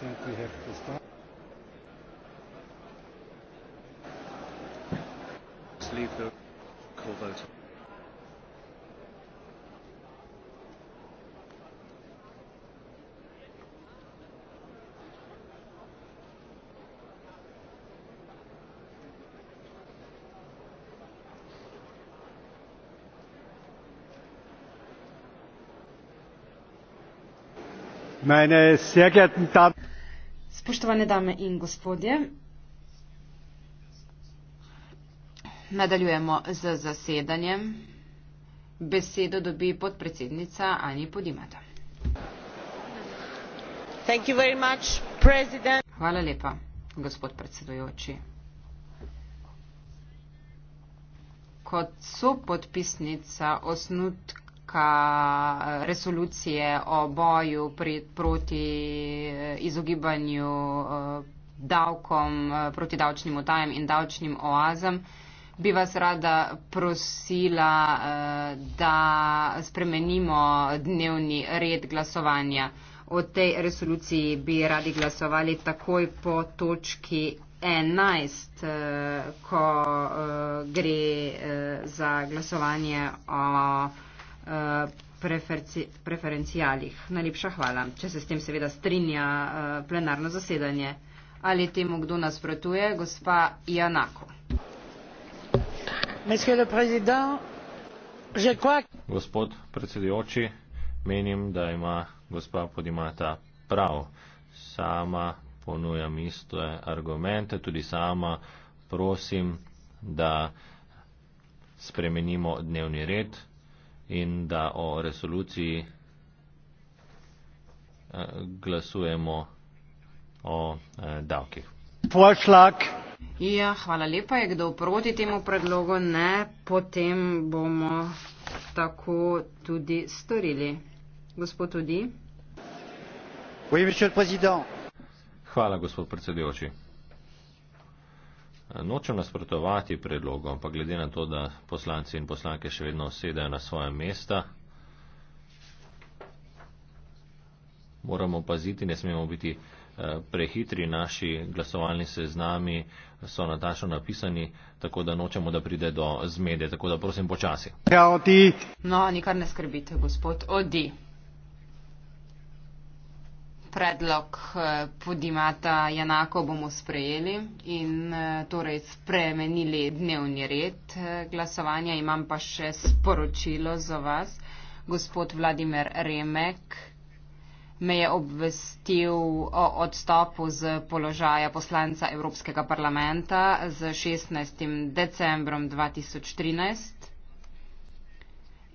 think we have to start. Just leave the call vote. Spoštovane dame in gospodje, nadaljujemo z zasedanjem. Besedo dobi podpredsednica Ani Podimata. Much, Hvala lepa, gospod predsedujoči. Kot so podpisnica osnutka predloga eh, resolucije o boju pri, proti eh, izogibanju eh, davkom, proti davčnim utajem in davčnim oazam, bi vas rada prosila, da spremenimo dnevni red glasovanja. O tej resoluciji bi radi glasovali takoj po točki 11, ko gre za glasovanje o. Eh, preferci, preferencijalih. Najlepša hvala, če se s tem seveda strinja eh, plenarno zasedanje. Ali temu kdo nasprotuje? Gospa Janako. Gospod predsedujoči, menim, da ima gospa Podimata prav. Sama ponujam iste argumente, tudi sama prosim, da spremenimo dnevni red in da o resoluciji eh, glasujemo o eh, davkih. Pošlak. Ja, hvala lepa. Je kdo proti temu predlogu? Ne, potem bomo tako tudi storili. Gospod Tudi. Oui, hvala, gospod predsedujoči. Nočem nasprotovati predlogu, ampak glede na to, da poslanci in poslanke še vedno sedajo na svoje mesta, moramo paziti, ne smemo biti eh, prehitri, naši glasovalni seznami so natačno napisani, tako da nočemo, da pride do zmede, tako da prosim počasi. Ja, no, nikar ne skrbite, gospod, odi predlog eh, podimata Janako bomo sprejeli in eh, torej spremenili dnevni red eh, glasovanja. Imam pa še sporočilo za vas. Gospod Vladimir Remek me je obvestil o odstopu z položaja poslanca Evropskega parlamenta z 16. decembrom 2013.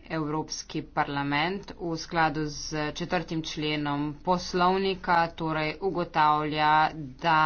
Evropski parlament v skladu z četrtim členom poslovnika torej ugotavlja, da